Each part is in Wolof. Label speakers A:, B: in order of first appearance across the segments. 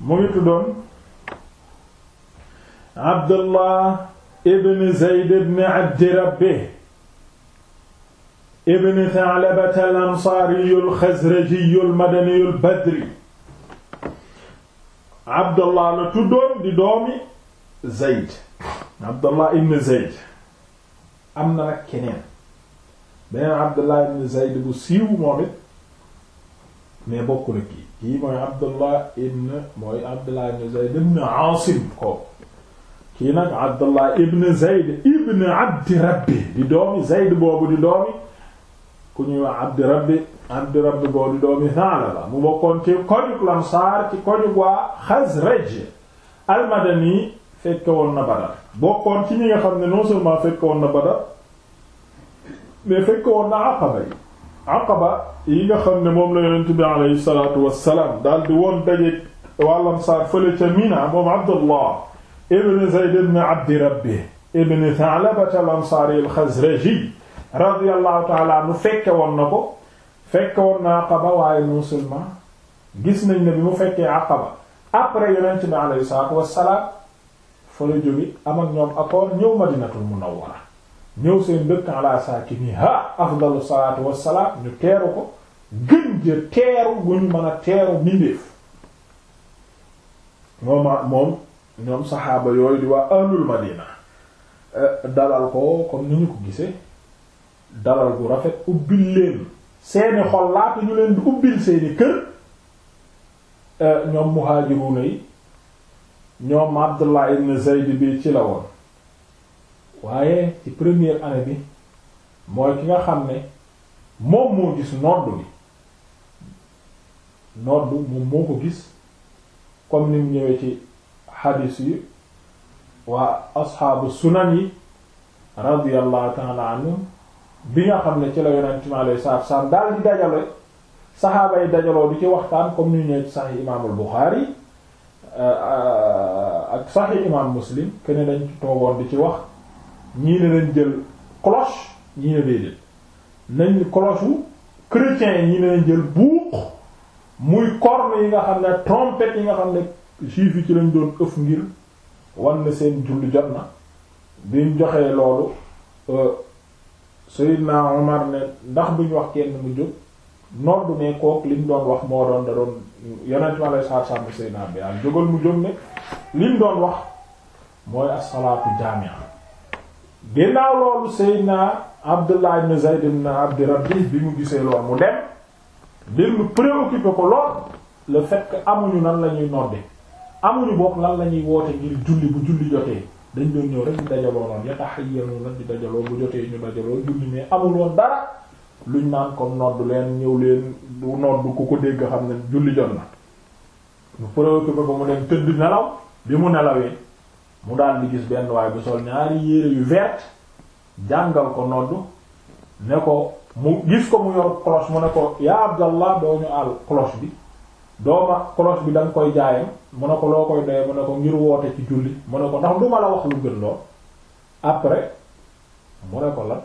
A: mu ngi tuddoon abdullah ibn zeyd ibn abdi rabbi ibn thalaba al ansaari al xazraji al madani al badri abdullah la tuddoon di doomi zeyd abdullah ibn zeyd am na nag keneen beneen abdullah ibn zeyd bu siiw moom it mais bokkul ak kii kii mooy abdullah ibn mooy abdullah ibn zayd ibn aasim ko kii nag abdullah ibn zayd ibn abdi rabbi di doomi zayd boobu di doomi ku ñuy wax abdi rabbi abdi rabbi boobu di doomi Thaalaba mu bokkoon ci kojug lamsaar ci kojug waa xazraj almadani fekke woon na badar bokkoon ci ñi nga xam ne non seulement fekke woon na badar mais fekke woon na aqaba aqaba yi nga xam ne moom la yonent bi alayhi salaatu wassalaam daal di woon daje wàllam saar fële ca Mina moom Abdullah ibn Zayd ibn Abdi Rabbi ibn Tha'laba al-Ansaari al-Khazraji radiyallahu ta'ala anhu fekke woon na ko fekke woon na aqaba waaye non seulement gis nañ ne bi mu fekkee aqaba après yonent bi alayhi salaatu wassalaam fa la jóge am ak ñoom accord ñëw Madinatul Munawwara ñëw seen dëkk ala saakiniha afdalu salaatu wassalaam ñu teeru ko gën ja teeru bu ñu mën a teeru mbindeef mooma moom ñoom saxaaba yooyu di waa ahlul madina eh, dalal ko comme ni ñu ko gisee dalal gu rafet ubbil leen seeni xol laata ñu leen di ubbil seeni kër eh, ñoom muhaajiruna yi ñoom abdullah ibn zayd bi ci la woon waaye ci première année bi mooy ki nga xam ne moom moo gis nodd bi nodd moom moo ko gis comme ni mu ñëwee ci xadiis yi waa asxaabu sunan yi radiyallahu taala anhum bi nga xam ne ci la yonent mi alayhi salaatu salaam daal di dajale saxaaba yi dajaloo di ci waxtaan comme ni ñëwee ci saxi imaamul Buxaari euh, euh, ak saxi imaam Muslim keneen dañ ci toogoon di ci wax ñii ne nañ jël cloche ñii ne déedéet nañ cloche wu chrétiens ñii ne nañ jël buuq muy corne yi nga xam ne trompette yi nga xam ne juif yi ci lañ doon ëf ngir wan na seen julli jot na biñ joxee loolu euh, Seydina Omar ne ndax buñ wax kenn mu jóg nodd ne kook liñ doon wax moo doon da doon yonent ma lay saar sàmm Seydina bi jógal mu jóg ne liñ doon wax mooy asalaatu jaami'a ginnaaw loolu Seydina Abdullah ibn Zayd ibn Abdi Rabbi bi mu gisee lool mu dem mbir mu préoccupé ko lool le fait amuñu nan la ñuy nodde amuñu boog lan la woote ngir julli bu julli jotee dañ doon ñëw rek ñu dajaloo noonu yatahayyaruna nag di dajaloo bu jotee ñu dajaloo julli mais amul woon dara luñ naan comme nodd leen ñëw leen du nodd ku ko dégg xam ne julli jot na mu préoccupé ko mu dem tëdd nelaw bi mu nelawee mu daal di gis benn waay bu sol ñaari yére yu vert jàngal ko nodd ne ko mu gis ko mu yor cloche mu ne ko yaa Abdallah doo ñu àll cloche bi dooma cloche bi da koy jaayam mu ne ko loo koy doyee mu ne ko ngir woote ci julli mu ne ko ndax duma la wax lu gën lool après mu ne ko la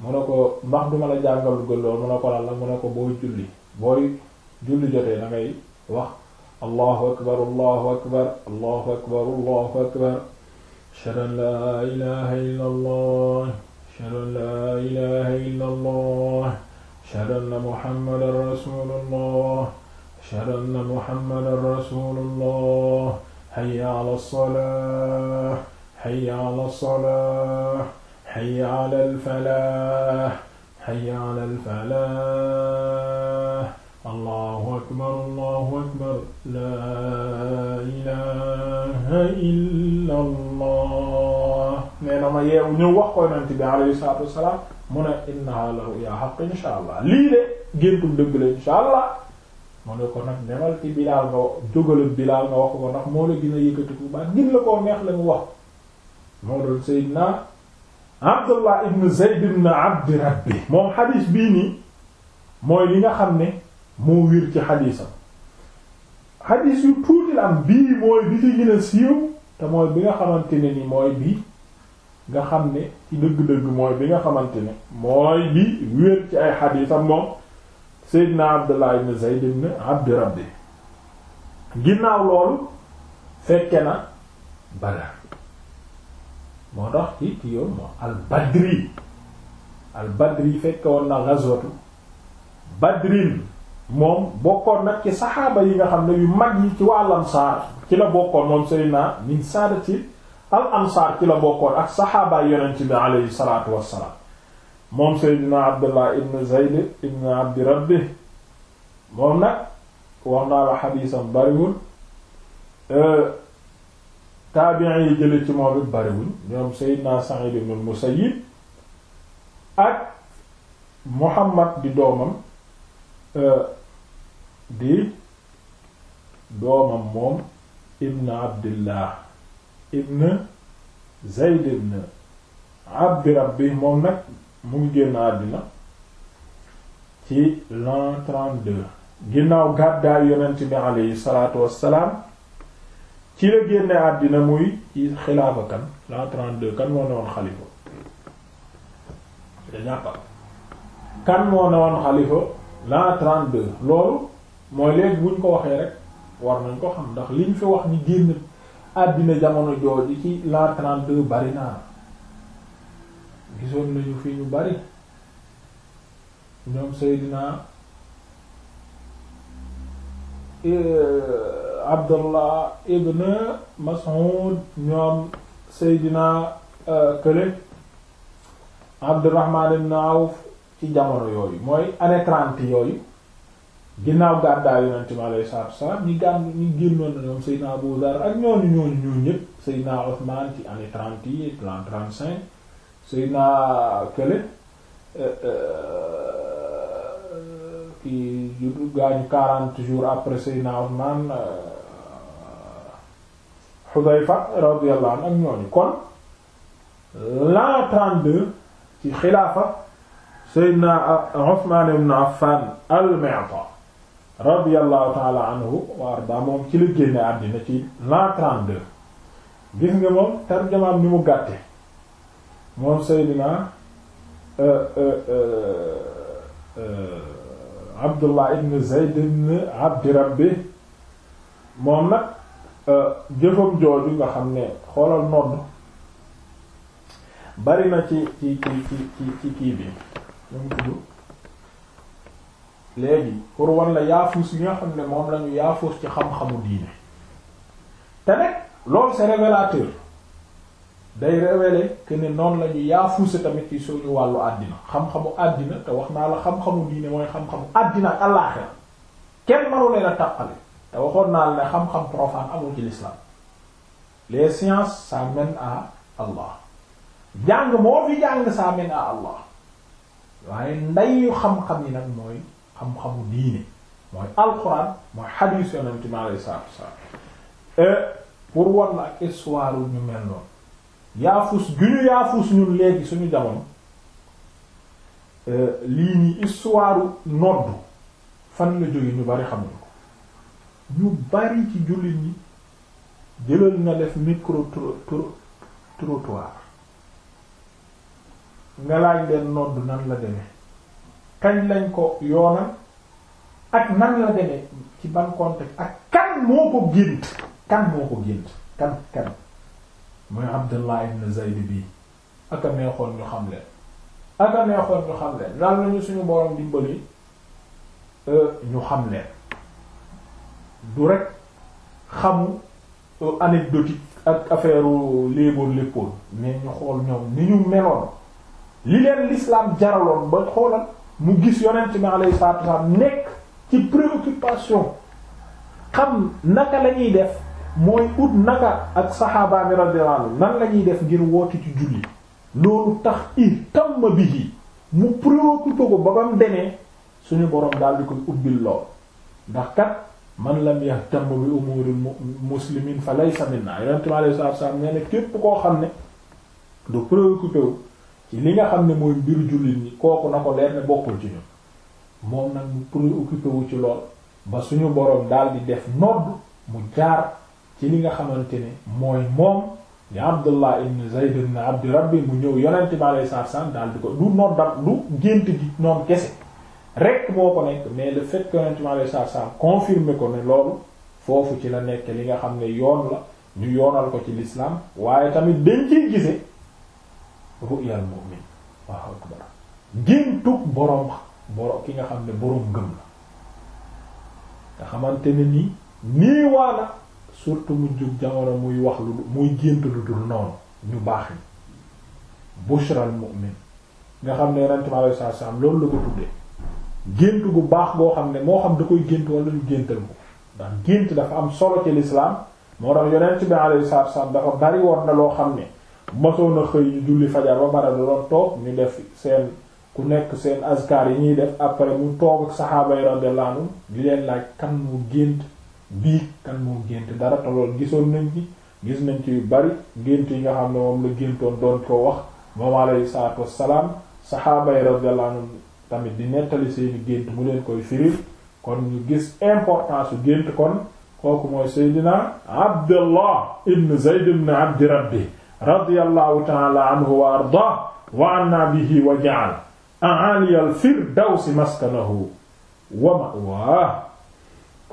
A: mu ne ko ndax duma la jàngal lu gën lool mu ne ko la la mu ne ko booy julli booy julli jotee da ngay wax allahu akbar allahu akbar allahu akbar allahu akbar ashhadu an laa ilaha illa allah ashhadu an laa ilaha illa allah ashhadu anna muhammadan rasulullah ashhadu anna muhammadan rasulullah hayya ala salaah hayya ala salaah hayya ala al falaah hayya ala al falaah illa allah nee ma yeewu ñëw wax ko yonent bi alayhi salaatu wassalaam mu ne innahaa la ru'yaa haqq insha allah lii de géntul dëgg la insha allah mu ne ko nag demal ci Bilaal nga jógala Bilaal nga wax ko ndax moo la gën a yëkkatiku baax gin la koo neex la wax moo doon Seydina Abdullah ibn Zayd ibn Abd Rabbi moom xadiis bii nii mooy li nga xam ne moo wér ci xadiisam xadiis yu tuuti la am bii mooy bi ci gën siiw te mooy bi nga xamante ne mooy bi nga xam ne ci dëgg-dëgg mooy bi nga xamante ne mooy bi wéer ci ay xadiisam moom Seydina Abdullah ibn Zayd ibn ginnaaw loolu fekke na Badar moo tax ci ci yoon al Badri al Badri fekke woon na ghazwatu Badrin moom bokkoon nag ci saxaaba yi nga xam ne yu mag yi ci wàll ansaar ci la bokkoon moom Seydina min saadati ci ansaar ci la bokkoon ak saxaabaay ci bi alayhi salaatu wassalaam moom Seydina Abdullah ibn Zayd ibn Abdi Rabbi moom nag wax naa la xadiisam bariwul taabiin yi jële ci moom it bariwul ñoom Seydina Sa'id ibn al-Musayyib ak Muhammad di doomam Euh, di doomam moom ibn abdillah ibn zayd ibn abdi rabbi moom nag mu ngi génn àddina ci l'an 32 ginnaaw gàddaay yonent bi aleyhi salaatu wassalaam ci la génne àddina muy ci xilaafa kan l'an 32 kan moo ne woon xalifa kan moo ne woon xalifa l'an 32 loolu mooy léegi buñ ko waxee rek war nañ ko xam ndax liñ fi wax ni génn àddina jamono jooju ci l'an 32 bari naa gisoon nañu fi ñu bari ñoom Seydina e, Abdullah ibn Mas'ud ñoom Seydina e, Kële Abdurrahman ibn ci jamono yooyu mooy année trente yooyu ginnaaw gàddaay yonent mi alayhi salaatu wassalaam ñi gàn ñi génnoon na ñoom Seydina Abu Zar ak ñooñu ñooñu ñooñu ñëpp Seydina Othman ci année trente yi l'an trente cinq Seydina Kële euh, euh, ki juddu gaañu quarante jours après Seydina Othman Xudayfa euh, radiyallahu anhu ak ñooñu kon l'an trente-deux ci xilaafa Seydina Usmaan ibn Affan al moom ci la génne àddina ci l'an 32 gis nga moom tarjamaam ni mu gàtte moom Seydina euh, euh, euh, Abdullah ibn Zayd ibn Abdi Rabbi moom nag jëfam jooju nga xam ne xoolal nodd bari na ci ci ci ci ci kii bi ñoom tudd léegi pour wan la yaafuus yi nga xam ne moom la ñu ci xam-xamu diine te nag loolu c'est révélateur day révéler que ne noon la ñu yaafuuse tamit ci suñu wàllu àddina xam-xamu àddina te wax naa la xam-xamu diine mooy xam-xamu àddina ak àllaaxira kenn mënu a tàqale te waxoon naa la ne xam-xam profane amul ci l'islam les sciences ça mène à Allah jàng moo fi jàng ça mène à Allah waaye ndeyu xam-xam yi nag mooy xam-xamu diine mooy alxuraan mooy xadiis yonent mi alayhi salaatu wasalaam euh, pour war ak histoire ñu mel noonu yaafus ju ñu yaafus ñun léegi suñu jamono euh, lii nii histoire noddu fan la jóge ñu bari xamuñu ko ñu bari ci jullit ñi jëlal na def micro trottoir nga laaj leen nodd nan la demee kañ lañ ko yoonal ak nan la demee ci ban contexte ak kan moo ko gént kan moo ko gént kan kan mooy Abdullah ibn Zayd bii ak a ñu xam leen ak a neexoon ñu xam leen lan lañu suñu borom dimbali euh, ñu xam leen du rek xamu euh, anecdotique ak affaire léeboon léppoon mais ñu xool ñoom ni ñu meloon li leen l'islam jaraloon ba xoolal mu gis yonent bi sa salaatu wasallam nekk ci préoccupation xam naka la ñuy def mooy ut naka ak saxaaba mi nan la ñuy def ngir woote ci julli loolu tax i bi bihi mu préoccupé ko ba bam demee suñu borom daal di koy ubbil lool ndax kat man lam yahtam bi umuril muslimin fa laysa minna yonent bi alayhi salaatu nee na képp koo xam ne du préoccupé ci li nga xam ne mooy mbiru jullit ñi kooku na ko leer ne bokkul ci ñun moom nag mu préoccupé wu ci lool ba suñu boroom daal di def nodd mu jaar ci li nga xamante ne mooy moom di Abdullah ibn Zayd ibn Abdi Rabbi mu ñëw yonent bi alayhi salaam daal di ko du noddal du gént gi noom kese rek moo ko nekk mais le fait que yonent bi alayhi ko ne loolu foofu ci la nekk li nga xam ne yoon la ñu yoonal ko ci l'islam waaye tamit dañ ciy gise ru'yal mu'min waaw akbar géntug boroom boroom ki nga xam ne boroom gëm la nga xamante ni nii nii waana surtout mu jug jamono muy wax lu muy gént lu dul noonu ñu baax ni bushral mu'min nga xam ne yonent mi alayhi salaatu salaam loolu la ko tuddee gént gu baax boo xam ne moo xam da koy gént wala ñu géntal ko ndax gént dafa am solo ci lislaam moo tax yonent bi alayhi salaatu salaam dafa bari woon na loo xam ne masoon a xëy julli fajar ba bara doon toog ñu def seen ku nekk seen azkar yi ñuy def après mu toog ak saxaaba yi radiyallahu anhum di leen laaj kan moo gént bii kan moo gént dara te gisoon nañ ci gis nañ ci yu bari gént yi nga xam ne moom la géntoon doon ko wax moom alayhi salaatu wassalaam saxaaba yi radiyallahu tamit di nettali seeni gént mu leen koy firil kon ñu gis importance su gént kon kooku mooy Seydina Abdullah ibn Zayd ibn Rabbi radiyallahu ta'ala anhu wa ardaa wa anna bihi wa ja'ala a'ali al-firdawsi maskanahu wa ma'waahu